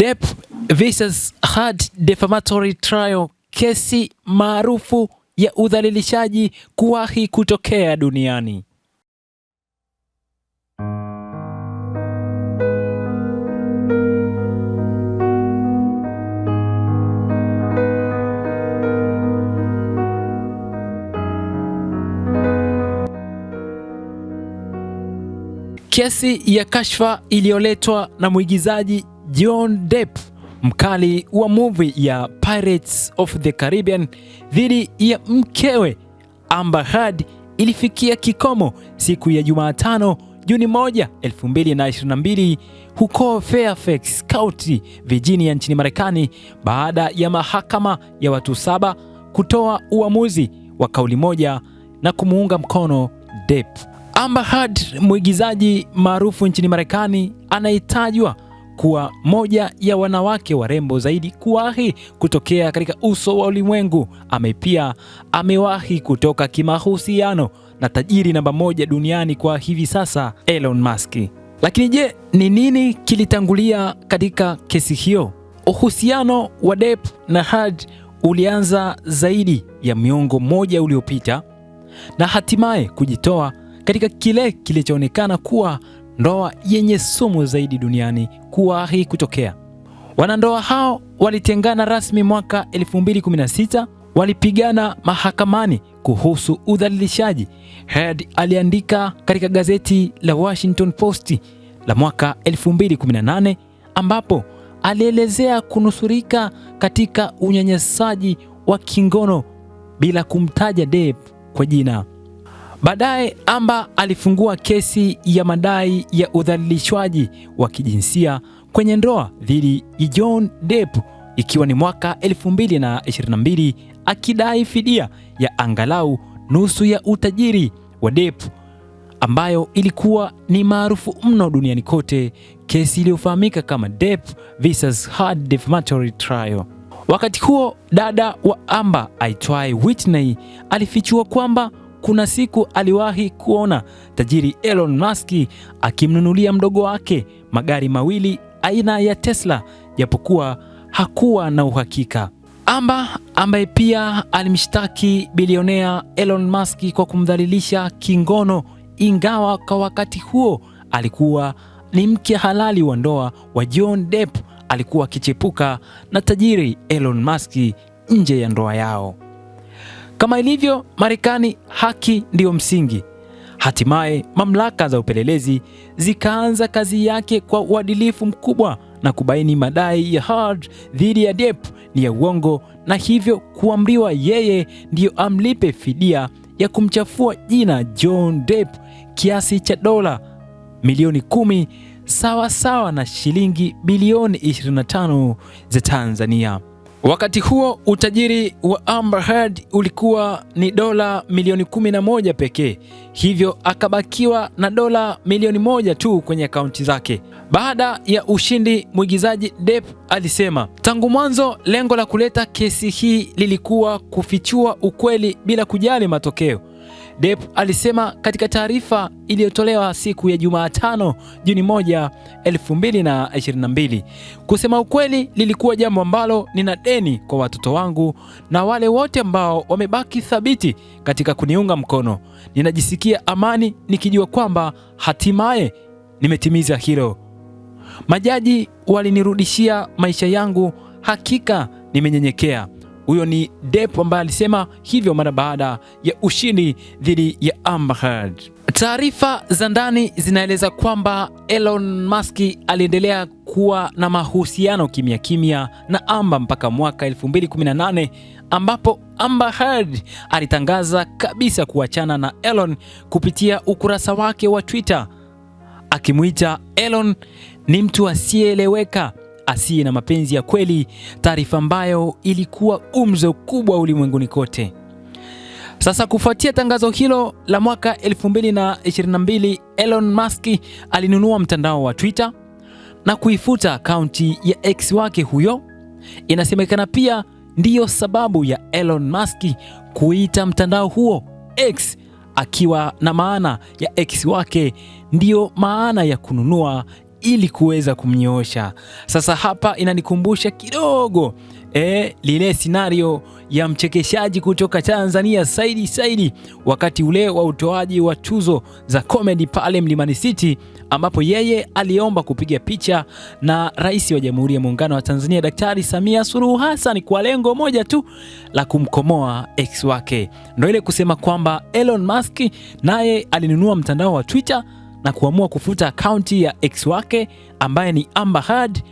Depp versus Heard defamatory trial, kesi maarufu ya udhalilishaji kuwahi kutokea duniani. Kesi ya kashfa iliyoletwa na mwigizaji John Depp mkali wa movie ya Pirates of the Caribbean dhidi ya mkewe Amber Heard ilifikia kikomo siku ya Jumatano Juni 1, 2022 huko Fairfax County, Virginia nchini Marekani baada ya mahakama ya watu saba kutoa uamuzi wa kauli moja na kumuunga mkono Depp. Amber Heard, mwigizaji maarufu nchini Marekani anayetajwa kuwa moja ya wanawake warembo zaidi kuwahi kutokea katika uso wa ulimwengu. Amepia pia amewahi kutoka kimahusiano na tajiri namba moja duniani kwa hivi sasa Elon Musk. Lakini je, ni nini kilitangulia katika kesi hiyo? Uhusiano wa Depp na Heard ulianza zaidi ya miongo moja uliopita na hatimaye kujitoa katika kile kilichoonekana kuwa ndoa yenye sumu zaidi duniani kuwahi kutokea. Wanandoa hao walitengana rasmi mwaka 2016, walipigana mahakamani kuhusu udhalilishaji. Heard aliandika katika gazeti la Washington Post la mwaka 2018 ambapo alielezea kunusurika katika unyanyasaji wa kingono bila kumtaja Depp kwa jina. Baadaye Amber alifungua kesi ya madai ya udhalilishwaji wa kijinsia kwenye ndoa dhidi ya John Depp ikiwa ni mwaka 2022 akidai fidia ya angalau nusu ya utajiri wa Depp ambayo ilikuwa ni maarufu mno duniani kote, kesi iliyofahamika kama Depp versus Heard defamatory trial. Wakati huo dada wa Amber aitwaye Whitney alifichua kwamba kuna siku aliwahi kuona tajiri Elon Musk akimnunulia mdogo wake magari mawili aina ya Tesla, japokuwa hakuwa na uhakika. Amba ambaye pia alimshtaki bilionea Elon Musk kwa kumdhalilisha kingono, ingawa kwa wakati huo alikuwa ni mke halali wa ndoa wa John Depp, alikuwa akichepuka na tajiri Elon Musk nje ya ndoa yao. Kama ilivyo Marekani, haki ndiyo msingi. Hatimaye mamlaka za upelelezi zikaanza kazi yake kwa uadilifu mkubwa na kubaini madai ya hard dhidi ya Depp ni ya uongo na hivyo kuamriwa yeye ndiyo amlipe fidia ya kumchafua jina John Depp kiasi cha dola milioni kumi sawa sawa na shilingi bilioni 25 za Tanzania. Wakati huo utajiri wa Amber Heard ulikuwa ni dola milioni moja pekee, hivyo akabakiwa na dola milioni moja tu kwenye akaunti zake. Baada ya ushindi, mwigizaji Depp alisema, tangu mwanzo lengo la kuleta kesi hii lilikuwa kufichua ukweli bila kujali matokeo. Depp alisema katika taarifa iliyotolewa siku ya Jumatano Juni 1, 2022, kusema ukweli, lilikuwa jambo ambalo nina deni kwa watoto wangu na wale wote ambao wamebaki thabiti katika kuniunga mkono. Ninajisikia amani nikijua kwamba hatimaye nimetimiza hilo. Majaji walinirudishia maisha yangu, hakika nimenyenyekea. Huyo ni Depp ambaye alisema hivyo mara baada ya ushindi dhidi ya Amber Heard. Taarifa za ndani zinaeleza kwamba Elon Musk aliendelea kuwa na mahusiano kimya kimya na Amber mpaka mwaka 2018 ambapo Amber Heard alitangaza kabisa kuachana na Elon kupitia ukurasa wake wa Twitter akimwita Elon ni mtu asiyeeleweka asiye na mapenzi ya kweli, taarifa ambayo ilikuwa gumzo kubwa ulimwenguni kote. Sasa kufuatia tangazo hilo la mwaka 2022, Elon Musk alinunua mtandao wa Twitter na kuifuta akaunti ya X wake huyo. Inasemekana pia ndiyo sababu ya Elon Musk kuita mtandao huo X, akiwa na maana ya X wake ndiyo maana ya kununua ili kuweza kumnyoosha. Sasa hapa inanikumbusha kidogo e, lile sinario ya mchekeshaji kutoka Tanzania Saidi Saidi wakati ule wa utoaji wa tuzo za comedy pale Mlimani City, ambapo yeye aliomba kupiga picha na Rais wa Jamhuri ya Muungano wa Tanzania Daktari Samia Suluhu Hassan kwa lengo moja tu la kumkomoa ex wake, ndio ile kusema kwamba Elon Musk naye alinunua mtandao wa Twitter na kuamua kufuta akaunti ya ex wake ambaye ni Amber Heard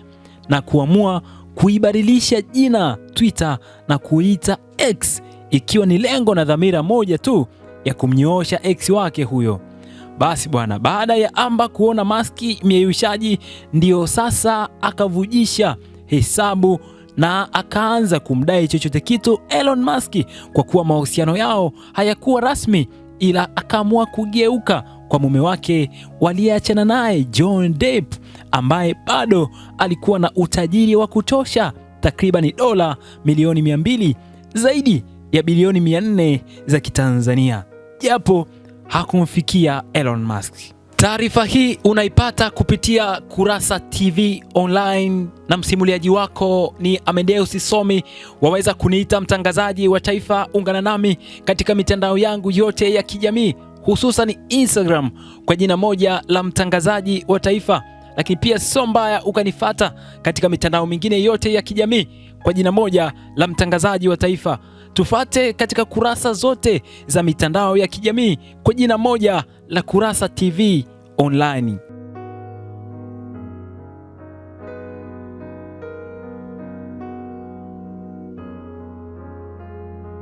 na kuamua kuibadilisha jina Twitter na kuita X ikiwa ni lengo na dhamira moja tu ya kumnyoosha ex wake huyo. Basi bwana, baada ya Amber kuona maski myeyushaji, ndiyo sasa akavujisha hesabu na akaanza kumdai chochote kitu Elon Musk kwa kuwa mahusiano yao hayakuwa rasmi, ila akaamua kugeuka kwa mume wake waliyeachana naye John Depp, ambaye bado alikuwa na utajiri wa kutosha, takriban dola milioni mbili zaidi ya bilioni nne za Kitanzania, japo hakumfikia Elon Musk. Taarifa hii unaipata kupitia Kurasa TV Online na msimuliaji wako ni Amedeus Somi. Waweza kuniita mtangazaji wa taifa. Ungana nami katika mitandao yangu yote ya kijamii hususan Instagram kwa jina moja la mtangazaji wa taifa, lakini pia sio mbaya ukanifata katika mitandao mingine yote ya kijamii kwa jina moja la mtangazaji wa taifa. Tufate katika kurasa zote za mitandao ya kijamii kwa jina moja la Kurasa TV Online.